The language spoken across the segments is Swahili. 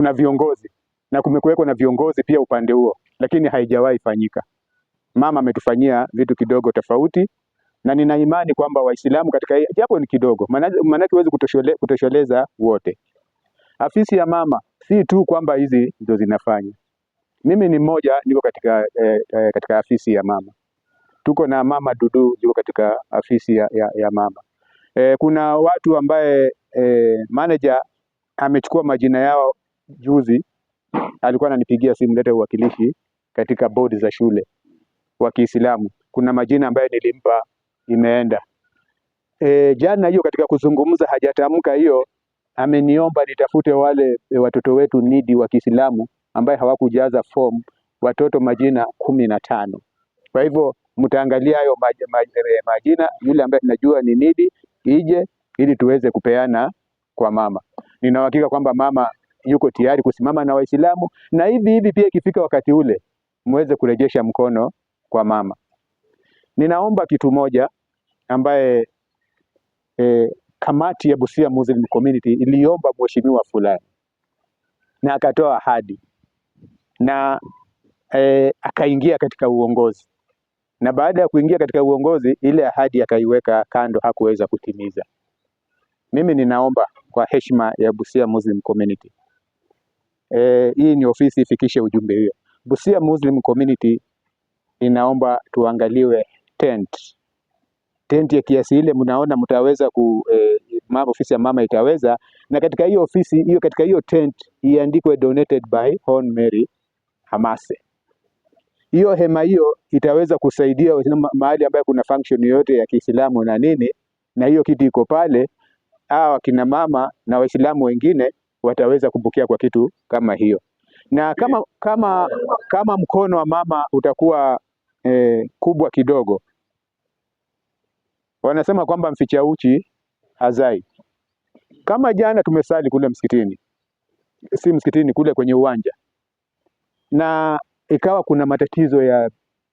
kuna viongozi na kumekuweko na viongozi pia upande huo, lakini haijawahi fanyika. Mama ametufanyia vitu kidogo tofauti, na nina imani kwamba Waislamu katika japo ni kidogo, maanake huwezi kutoshole, kutosheleza wote. Afisi ya mama si tu kwamba hizi ndio zinafanya. Mimi ni mmoja niko katika, eh, eh, katika afisi ya mama tuko na mama Dudu yuko katika afisi ya, ya, ya mama eh, kuna watu ambaye eh, manager amechukua majina yao juzi alikuwa ananipigia simu, leta uwakilishi katika bodi za shule wa Kiislamu. Kuna majina ambayo nilimpa imeenda. E, jana hiyo katika kuzungumza hajatamka hiyo, ameniomba nitafute wale e, watoto wetu nidi wa Kiislamu ambaye hawakujaza form, watoto majina kumi na tano. Kwa hivyo mtaangalia hayo e, majina, yule ambaye tunajua ni nidi ije ili tuweze kupeana kwa mama. Nina uhakika kwamba mama yuko tayari kusimama na Waislamu, na hivi hivi pia ikifika wakati ule muweze kurejesha mkono kwa mama. Ninaomba kitu moja ambaye e, kamati ya Busia Muslim Community iliomba mheshimiwa fulani na akatoa ahadi na e, akaingia katika uongozi na baada ya kuingia katika uongozi ile ahadi akaiweka kando, hakuweza kutimiza. Mimi ninaomba kwa heshima ya Busia Muslim Community eh, hii ni ofisi ifikishe ujumbe hiyo. Busia Muslim Community inaomba tuangaliwe tent Tent ya kiasi ile, mnaona mtaweza ku eh, ofisi ya mama itaweza na katika hiyo ofisi hiyo, katika hiyo tent iandikwe donated by Hon Mary Hamase. Hiyo hema hiyo itaweza kusaidia mahali ambayo kuna function yoyote ya Kiislamu na nini, na hiyo kitu iko pale, hawa kina mama na Waislamu wengine wataweza kupokea kwa kitu kama hiyo, na kama, kama, kama mkono wa mama utakuwa eh, kubwa kidogo. Wanasema kwamba mficha uchi hazai. Kama jana tumesali kule msikitini, si msikitini, kule kwenye uwanja, na ikawa kuna matatizo ya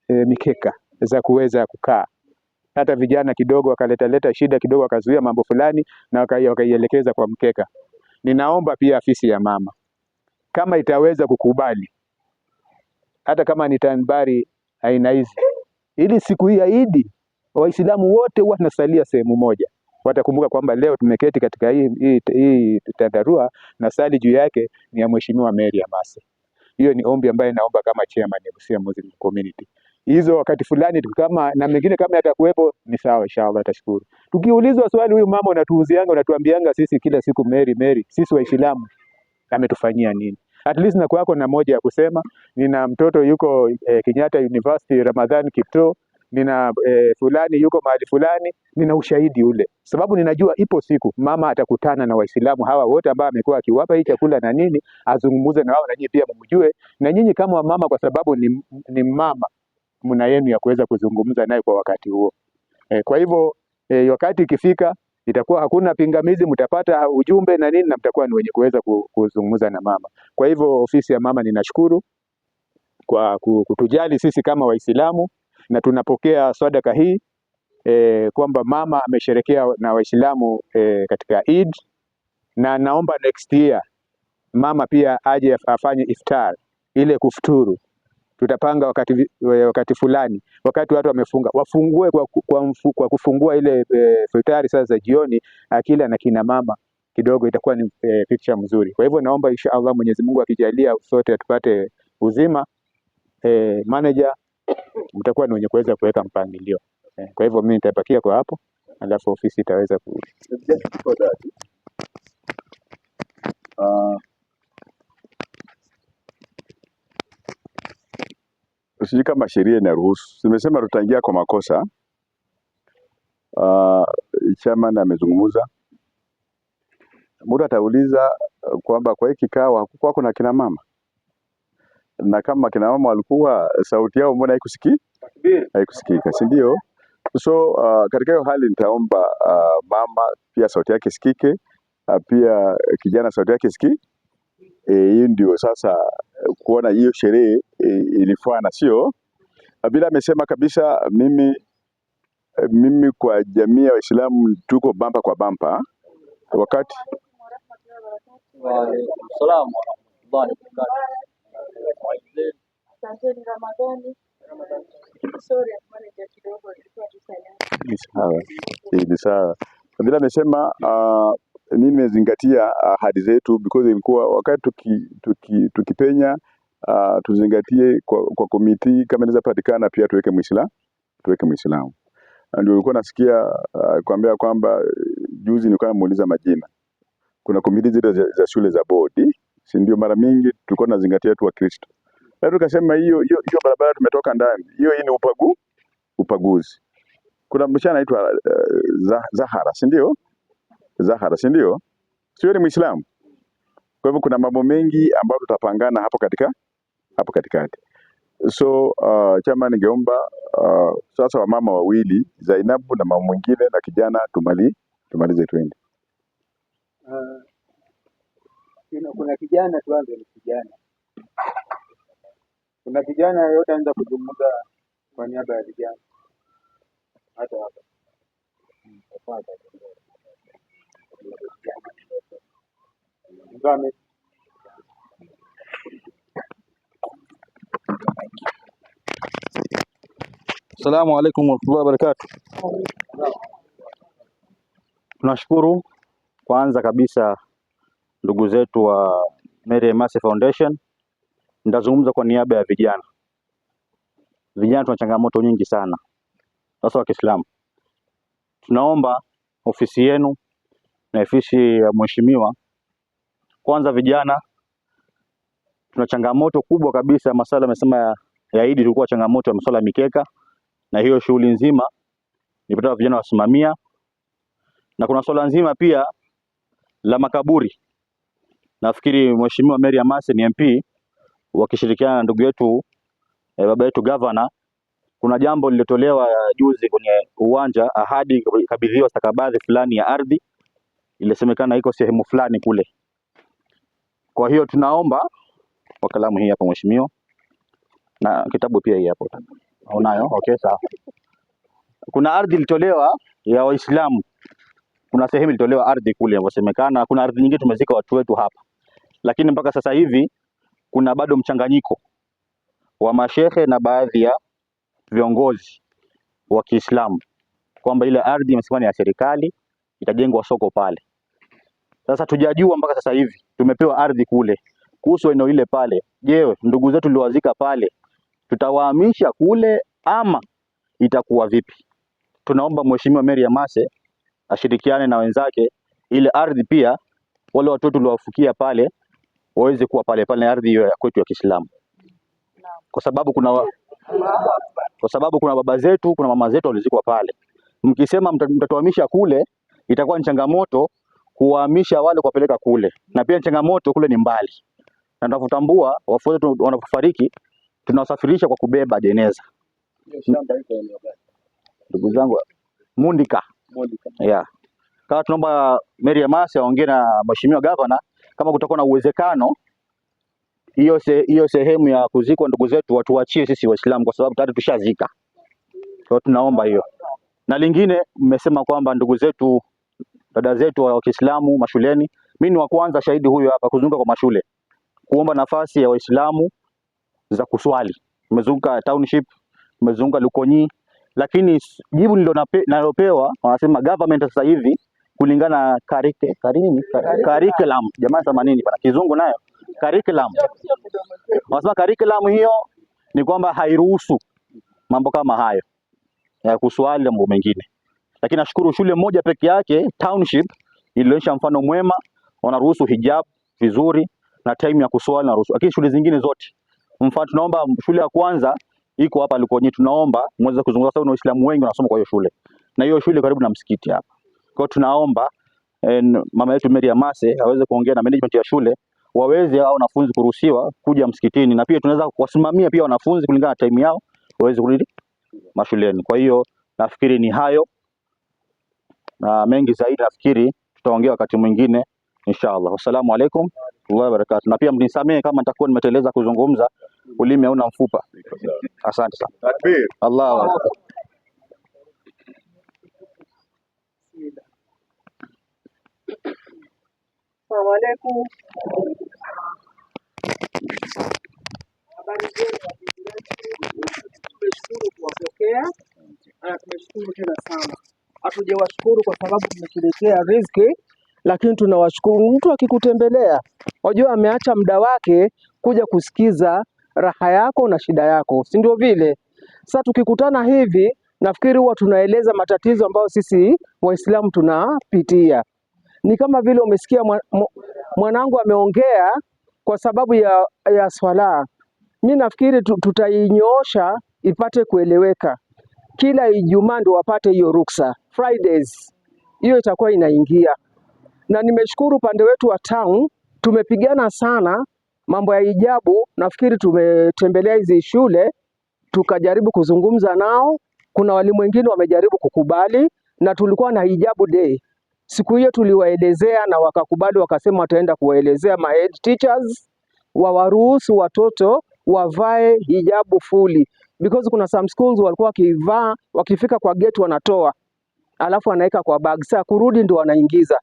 e, mikeka za kuweza kukaa. Hata vijana kidogo wakaletaleta shida kidogo, wakazuia mambo fulani na wakaielekeza kwa mkeka. Ninaomba pia afisi ya mama kama itaweza kukubali, hata kama ni tanbari aina hizi, ili siku hii ya Idi Waislamu wote huwa tunasalia sehemu moja, watakumbuka kwamba leo tumeketi katika hii, hii, hii tandarua na sali juu yake ni ya Mheshimiwa Mary Amasa. Hiyo ni ombi ambayo naomba kama chairman ya Busia Muslim Community hizo wakati fulani kama na mengine kama yatakuwepo ni sawa, inshallah tashukuru. Tukiulizwa swali, huyu mama unatuuzianga unatuambianga sisi kila siku Mary Mary, sisi Waislamu ametufanyia nini? At least na kwako na moja ya kusema, nina mtoto yuko eh, Kenyatta University Ramadhan Kipto, nina eh, fulani yuko mahali fulani, nina ushahidi ule, sababu ninajua ipo siku mama atakutana na Waislamu hawa wote ambao amekuwa akiwapa hii chakula na nini, azungumuze na wao, na nyinyi pia mumjue, na nyinyi kama wamama, kwa sababu ni, ni mama namna yenu ya kuweza kuzungumza naye kwa wakati huo. E, kwa hivyo e, wakati ikifika itakuwa hakuna pingamizi, mtapata ujumbe na nini na mtakuwa ni wenye kuweza kuzungumza na mama. Kwa hivyo ofisi ya mama ninashukuru kwa kutujali sisi kama Waislamu na tunapokea sadaka hii e, kwamba mama amesherekea na Waislamu e, katika Eid na naomba next year mama pia aje afanye iftar ile kufuturu tutapanga wakati, wakati fulani, wakati watu wamefunga, wafungue kwa, kwa, mfu, kwa kufungua ile e, futari sasa za jioni, akila na kina mama kidogo, itakuwa ni e, picha mzuri. Kwa hivyo naomba insha Allah Mwenyezi Mungu akijalia sote tupate uzima e, manager mtakuwa ni wenye kuweza kuweka mpangilio e, kwa hivyo mimi nitapakia kwa hapo, alafu ofisi itaweza ku sijui kama sheria inaruhusu, simesema tutaingia kwa makosa. Uh, chairman amezungumza, mtu atauliza kwamba kwa hii kikao hakukuwa kuna kina mama, na kama kina mama walikuwa sauti yao mbona haikusiki haikusikika, si ndio? So uh, katika hiyo hali nitaomba uh, mama pia sauti yake isikike, uh, pia kijana sauti yake isikike. Eh, hii e, ndio sasa eh, kuona hiyo sherehe e, ilifana sio bila. Amesema kabisa mimi, mimi kwa jamii ya Waislamu tuko bampa kwa bampa wakati ni ni sawa. Bila amesema uh, mimi nimezingatia ah, ahadi zetu because ilikuwa wakati tuki, tuki, tukipenya uh, tuzingatie kwa, kwa komiti kama inaweza patikana pia tuweke Muislamu, tuweke Muislamu. Ndio ulikuwa nasikia uh, kuambia kwamba juzi nilikuwa namuuliza majina, kuna komiti zile za, za shule za bodi, si ndio? Mara mingi tulikuwa tunazingatia tu Wakristo, na tukasema hiyo hiyo hiyo barabara tumetoka ndani, hiyo hii ni upagu upaguzi. Kuna msichana anaitwa uh, Zahara, si ndio? Zahara, si ndio? Sio ni Muislamu. Kwa hivyo kuna mambo mengi ambayo tutapangana hapo katika hapo katikati. So uh, chama ningeomba uh, sasa wamama wawili Zainabu na mama mwingine na kijana tumali tumalize twende. Uh, kuna kijana tuanze ni kijana. Kuna kijana yote anza kuzungumza kwa niaba ya vijana hata hapa. Hmm. Ndani Assalamu alaikum warahmatullahi wabarakatuh. Tunashukuru kwanza kabisa ndugu zetu wa Mary Emase Foundation. Nitazungumza kwa niaba ya vijana. Vijana tuna changamoto nyingi sana, sasa wa Kiislamu. Tunaomba ofisi yenu na ofisi ya mheshimiwa. Kwanza vijana tuna changamoto kubwa kabisa, masala amesema ya yaidi, tulikuwa changamoto ya masala ya mikeka, na hiyo shughuli nzima nipata vijana wasimamia, na kuna swala nzima pia la makaburi. Nafikiri mheshimiwa Mary Amase ni MP wakishirikiana na ndugu yetu eh, baba yetu governor kuna jambo lililotolewa juzi kwenye uwanja, ahadi kabidhiwa stakabadhi fulani ya ardhi ilisemekana iko sehemu fulani kule. Kwa hiyo tunaomba kwa kalamu hii hapa mheshimiwa, na kitabu pia hii hapo unayo. Okay, sawa. Kuna ardhi ilitolewa ya Waislamu, kuna sehemu ilitolewa ardhi kule inasemekana. Kuna ardhi nyingine tumezika watu wetu hapa, lakini mpaka sasa hivi kuna bado mchanganyiko wa mashehe na baadhi ya viongozi wa Kiislamu kwamba ile ardhi imesema ni ya serikali, itajengwa soko pale. Sasa tujajua mpaka sasa hivi, tumepewa ardhi kule kuhusu eneo ile pale. Je, ndugu zetu liowazika pale tutawahamisha kule ama itakuwa vipi? Tunaomba mheshimiwa Mary Amase ashirikiane na wenzake, ile ardhi pia wale wetu tuliwafukia pale waweze kuwa pale pale, ardhi hiyo ya kwetu ya Kiislamu, kwa sababu kuna kwa sababu kuna baba zetu, kuna mama zetu walizikwa pale. Mkisema mtatuhamisha kule, itakuwa ni changamoto kuwahamisha wale kuwapeleka kule, na pia changamoto kule ni mbali, na tunapotambua wafu wetu wanapofariki tunawasafirisha kwa kubeba jeneza. Ndugu zangu Mundika, Mundika. Yeah. Kama tunaomba Mary Emasi aongee na mheshimiwa gavana kama kutakuwa na uwezekano hiyo se, hiyo sehemu ya kuzikwa ndugu zetu watuachie sisi Waislamu kwa sababu tayari tushazika. Kwa tunaomba hiyo, na lingine mmesema kwamba ndugu zetu dada zetu wa Kiislamu mashuleni. Mimi ni wa kwanza shahidi huyo hapa kuzunguka kwa mashule kuomba nafasi ya Waislamu za kuswali. Nimezunguka township, nimezunguka Lukonyi, lakini jibu nalopewa wanasema government sasa hivi kulingana na karike karini curriculum, jamani themanini pana kizungu nayo curriculum, wanasema curriculum hiyo ni kwamba hairuhusu mambo kama hayo ya kuswali na mambo mengine. Lakini nashukuru shule moja peke yake township ilionyesha mfano mwema, wanaruhusu hijab vizuri na time ya kuswali na ruhusu, lakini shule zingine zote mfano, tunaomba shule ya kwanza iko hapa Likonyeni, tunaomba mweze kuzungumza, sababu na Waislamu wengi wanasoma kwa hiyo shule, na hiyo shule karibu na msikiti hapa. Kwa hiyo tunaomba en, eh, mama yetu Mary Amase aweze kuongea na management ya shule waweze au wanafunzi kuruhusiwa kuja msikitini, na pia tunaweza kuwasimamia pia wanafunzi kulingana na time yao waweze kurudi mashuleni. Kwa hiyo nafikiri ni hayo na mengi zaidi nafikiri tutaongea wakati mwingine inshallah. Wassalamu alaikum warahmatullahi wabarakatuh, na pia mnisamee kama nitakuwa nimeteleza kuzungumza, ulimi hauna mfupa. Asante sana. Takbir. Allahu akbar. Assalamu alaikum. Habari zenu tumeshukuru kuwapokea na tumeshukuru tena sana hatujawashukuru kwa sababu tumetuletea riziki, lakini tunawashukuru. Mtu akikutembelea, unajua ameacha muda wake kuja kusikiza raha yako na shida yako, si ndio vile? Sasa tukikutana hivi, nafikiri huwa tunaeleza matatizo ambayo sisi Waislamu tunapitia. Ni kama vile umesikia mwanangu ameongea kwa sababu ya, ya swala. Mi nafikiri tutainyoosha ipate kueleweka, kila Ijumaa ndio wapate hiyo ruksa. Fridays hiyo itakuwa inaingia, na nimeshukuru upande wetu wa town tumepigana sana mambo ya hijabu. Nafikiri tumetembelea hizi shule tukajaribu kuzungumza nao, kuna walimu wengine wamejaribu kukubali, na tulikuwa na hijabu day siku hiyo tuliwaelezea na wakakubali, wakasema wataenda kuwaelezea ma head teachers wawaruhusu watoto wavae hijabu fully because kuna some schools walikuwa wakivaa wakifika kwa gate wanatoa alafu anaweka kwa bag, saa kurudi ndo anaingiza.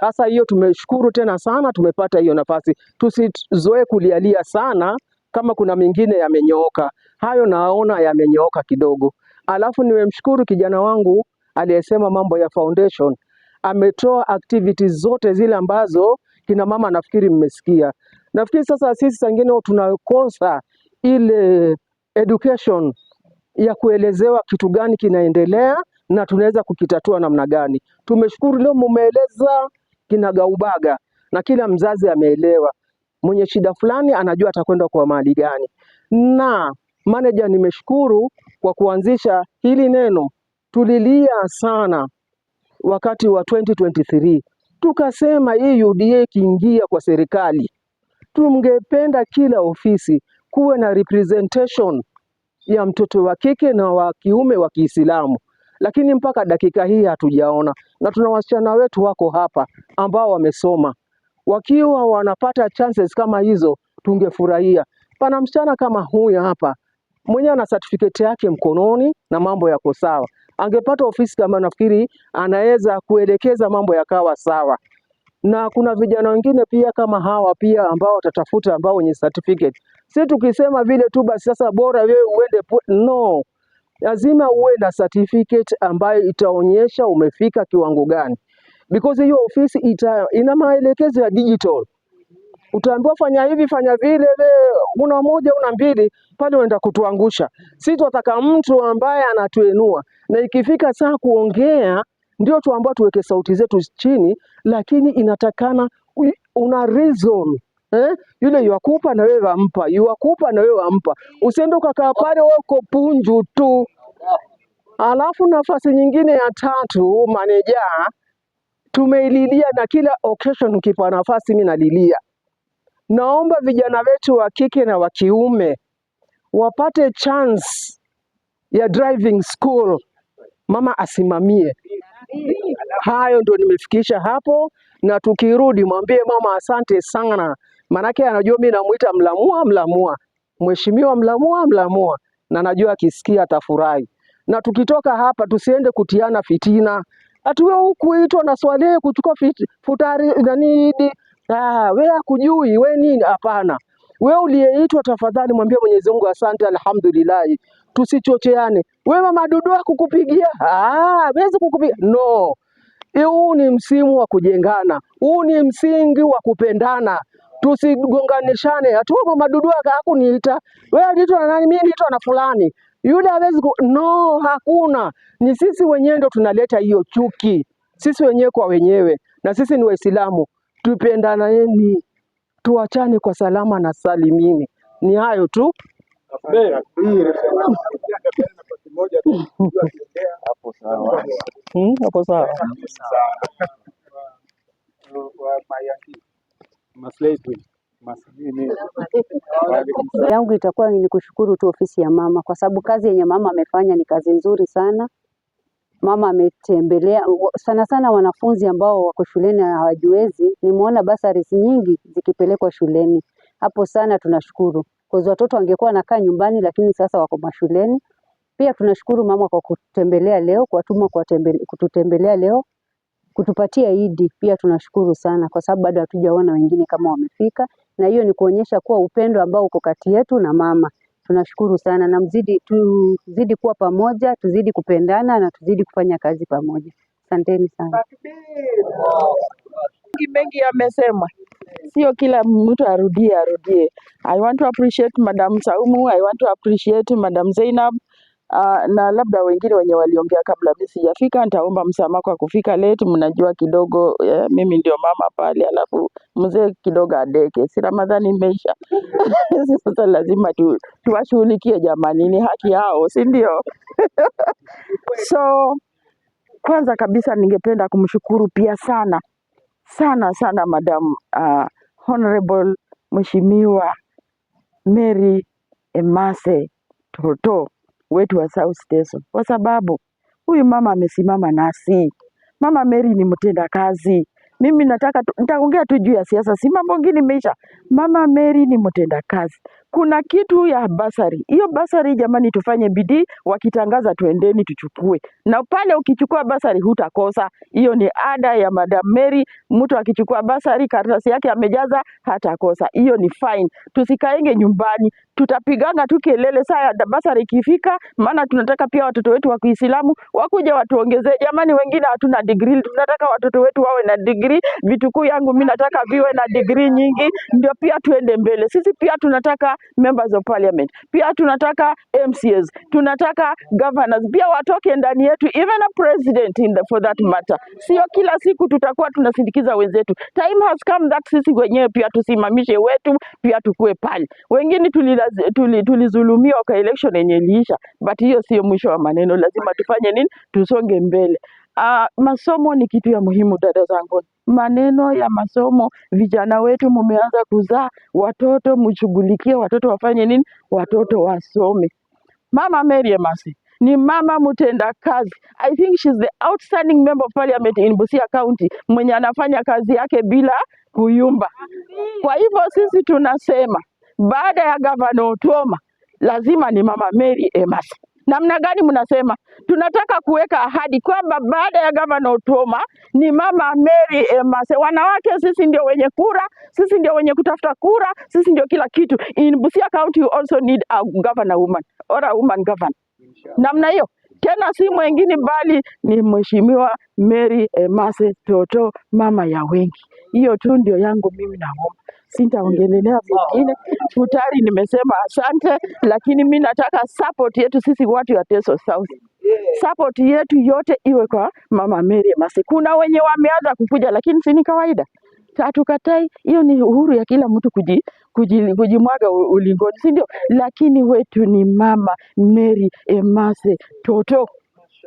Sasa hiyo tumeshukuru tena sana, tumepata hiyo nafasi. Tusizoe kulialia sana, kama kuna mengine yamenyooka, hayo naona yamenyooka kidogo. Alafu nimemshukuru kijana wangu aliyesema mambo ya foundation, ametoa activities zote zile ambazo kina mama, nafikiri mmesikia. Nafikiri sasa sisi sangine tunakosa ile education ya kuelezewa kitu gani kinaendelea na tunaweza kukitatua namna gani. Tumeshukuru leo mumeeleza kinagaubaga na kila mzazi ameelewa mwenye shida fulani anajua atakwenda kwa mahali gani. Na manager, nimeshukuru kwa kuanzisha hili neno. Tulilia sana wakati wa 2023 tukasema, hii UDA ikiingia kwa serikali, tungependa kila ofisi kuwe na representation ya mtoto wa kike na wa kiume wa Kiislamu lakini mpaka dakika hii hatujaona, na tuna wasichana wetu wako hapa ambao wamesoma. Wakiwa wanapata chances kama hizo tungefurahia. Pana msichana kama huyu hapa mwenyewe ana certificate yake mkononi na mambo yako sawa, angepata ofisi kama, nafikiri anaweza kuelekeza mambo yakawa sawa. Na kuna vijana wengine pia kama hawa pia ambao watatafuta ambao wenye certificate, si tukisema vile tu basi sasa bora wewe uende no lazima uwe na certificate ambayo itaonyesha umefika kiwango gani, because hiyo ofisi ita, ina maelekezo ya digital. Utaambiwa fanya hivi fanya vile, una moja una mbili pale, unaenda kutuangusha. Si tunataka mtu ambaye anatuenua na ikifika saa kuongea ndio tu tuweke sauti zetu chini, lakini inatakana una reason Eh? Yule mm. yuakupa na wewe wampa, yuakupa na wewe wampa. Usiende ukakaa pale wako punju tu. Alafu nafasi nyingine ya tatu, maneja tumeililia na kila occasion ukipa nafasi mimi nalilia. Naomba vijana wetu wa kike na wa kiume wapate chance ya driving school, mama asimamie. Hayo ndo nimefikisha hapo, na tukirudi mwambie mama asante sana Maanake anajua mimi namuita Mlamua, Mlamua, mheshimiwa Mlamua, Mlamua, na najua akisikia atafurahi. Na tukitoka hapa tusiende kutiana fitina, atuwe hukuitwa na swali kuchukua futari nani, ah, we akujui we nini? Hapana, we uliyeitwa, tafadhali mwambie Mwenyezi Mungu asante, alhamdulillah. Tusichocheane, we mama dudu ah, kukupigia hawezi kukupiga no. Huu ni msimu wa kujengana, huu ni msingi wa kupendana tusigonganishane. Ati madudu mama Dudu hakuniita wewe, aliitwa na nani? Mimi niitwa na fulani yule hawezi ku... no, hakuna. Ni sisi wenyewe ndo tunaleta hiyo chuki, sisi wenyewe kwa wenyewe, na sisi ni Waislamu. Tupendaneni, tuachane kwa salama na salimini. Ni hayo tu. Hmm, hapo sawa yangu itakuwa ni kushukuru tu ofisi ya mama kwa sababu kazi yenye mama amefanya ni kazi nzuri sana. Mama ametembelea sana sana wanafunzi ambao wako shuleni hawajiwezi. Nimeona basaris nyingi zikipelekwa shuleni, hapo sana tunashukuru kwa sababu watoto wangekuwa wanakaa nyumbani, lakini sasa wako mashuleni. Pia tunashukuru mama kwa kutembelea leo, kuwatuma kututembelea leo kutupatia Idi pia tunashukuru sana, kwa sababu bado hatujaona wengine kama wamefika, na hiyo ni kuonyesha kuwa upendo ambao uko kati yetu na mama. Tunashukuru sana na mzidi, tuzidi kuwa pamoja, tuzidi kupendana na tuzidi kufanya kazi pamoja. Asanteni sana. Mengi yamesemwa, sio kila mtu arudie arudie. I want to appreciate Madam Saumu, I want to appreciate Madam Zainab Aa, ah, na labda wengine wenye waliongea kabla mimi sijafika, nitaomba msamaha kwa kufika late. Mnajua kidogo eh, mimi ndio mama pale, alafu mzee kidogo adeke, si Ramadhani imeisha sasa lazima tu, tuwashughulikie jamani, ni haki yao, si ndio? so kwanza kabisa ningependa kumshukuru pia sana sana sana madam uh, Honorable Mheshimiwa Mary Emase Toto wetu wa South Station, kwa sababu huyu mama amesimama nasi. Mama Mary ni mtenda kazi. Mimi nataka nitaongea tu juu ya siasa, si mambo mengine imeisha. Mama Mary ni mtenda kazi kuna kitu ya basari. Hiyo basari jamani, tufanye bidii, wakitangaza tuendeni tuchukue, na pale ukichukua basari hutakosa. Hiyo ni ada ya Madam Mary. Mtu akichukua basari karatasi yake amejaza hatakosa, hiyo ni fine. Tusikaenge nyumbani, tutapiganga tu kelele saa ya basari ikifika, maana tunataka pia watoto wetu wa Kiislamu wakuja watuongezee. Jamani, wengine hatuna degree, tunataka watoto wetu wawe na degree. Vitukuu yangu mimi nataka viwe na degree nyingi, ndio pia tuende mbele. Sisi pia tunataka members of parliament, pia tunataka MCAs, tunataka governors pia watoke ndani yetu, even a president in the, for that matter. Sio kila siku tutakuwa tunasindikiza wenzetu. Time has come that sisi wenyewe pia tusimamishe wetu, pia tukue pale. Wengine tulizulumiwa kwa election yenye iliisha, but hiyo sio mwisho wa maneno. Lazima tufanye nini? Tusonge mbele. Uh, masomo ni kitu ya muhimu dada zangu, maneno ya masomo. Vijana wetu mumeanza kuzaa watoto, mshughulikie watoto, wafanye nini? Watoto wasome. Mama Mary Emasi ni mama mtenda kazi. I think she's the outstanding member of parliament in Busia County, mwenye anafanya kazi yake bila kuyumba. Kwa hivyo sisi tunasema baada ya gavana Otoma lazima ni mama Mary Emasi. Namna gani mnasema? Tunataka kuweka ahadi kwamba baada ya gavana Otuoma ni mama Mary Emase. Wanawake sisi ndio wenye kura, sisi ndio wenye kutafuta kura, sisi ndio kila kitu. In Busia County you also need a governor woman or a woman governor. Namna hiyo tena si mwingine bali ni mheshimiwa Mary Emase Toto, mama ya wengi. Hiyo tu ndio yangu mimi na sitaongelelea vingine. Futari nimesema asante, lakini mi nataka support yetu sisi watu ya Teso South, support yetu yote iwe kwa Mama Mary Masi. Kuna wenye wameanza kukuja, lakini si ni kawaida Hatukatai, hiyo ni uhuru ya kila mtu kuji, kuji, kujimwaga ulingoni, si ndio? Lakini wetu ni Mama Mary Emase Toto,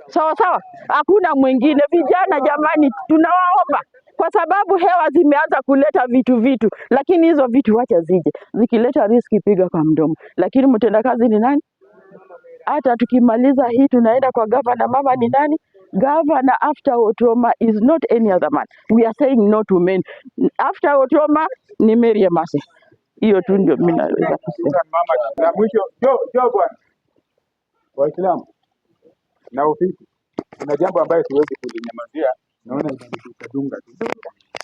sawa sawa, hakuna mwingine. Vijana jamani, tunawaomba kwa sababu hewa zimeanza kuleta vitu vitu, lakini hizo vitu wacha zije, zikileta riski piga kwa mdomo, lakini mtendakazi ni nani? Hata tukimaliza hii tunaenda kwa gavana mama ni nani? Governor after Otoma is not any other man. We are saying no to men. After Otoma ni Mary Emase. Hiyo tu ndio mimi naweza kusema. Na mwisho jo jo bwana. Waislamu na ofisi kuna jambo ambayo siwezi kulinyamazia naona inadunga dunga tu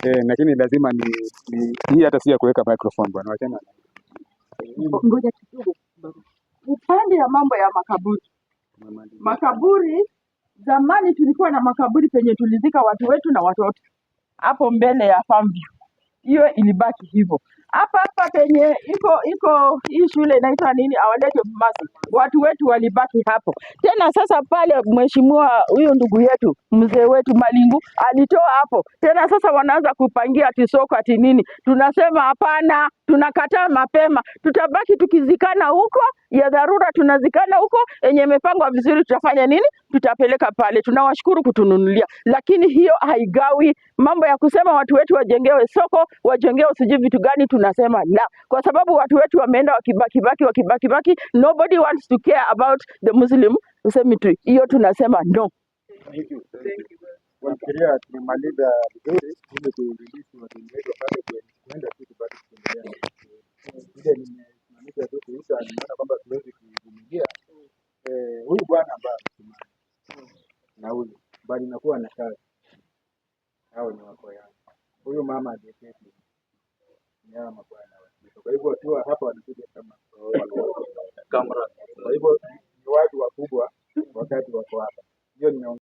eh, lakini lazima ni, ni hii hata si ya kuweka microphone bwana, wachana na ngoja kidogo. Upande ya mambo ya makaburi, makaburi zamani tulikuwa na makaburi penye tulizika watu wetu na watoto hapo mbele ya farm view, hiyo ilibaki hivyo. Hapa hapa penye iko iko hii shule inaitwa nini, Our Lady watu wetu walibaki hapo. Tena sasa pale mheshimiwa huyu ndugu yetu mzee wetu Malingu alitoa hapo tena, sasa wanaanza kupangia tisoko ati nini. Tunasema hapana, tunakataa mapema. Tutabaki tukizikana huko, ya dharura tunazikana huko, yenye imepangwa vizuri tutafanya nini? Tutapeleka pale. Tunawashukuru kutununulia, lakini hiyo haigawi. Mambo ya kusema watu wetu wajengewe soko, wajengewe sijui vitu gani, tunasema now kwa sababu watu wetu wameenda wakibakibaki baki. nobody wants to care about the Muslim cemetery. Hiyo tunasema no. Thank you. Thank you. vizuri eh, huyu bwana ambaye bali nakuwa na kazi hao ni wako yangu, huyu mama aliyeketi ni hawa mabwana kwa hivyo wakiwa hapa wanakuja kama kamera. Kwa hivyo ni watu wakubwa wakati wako hapa, hiyo nimeongea.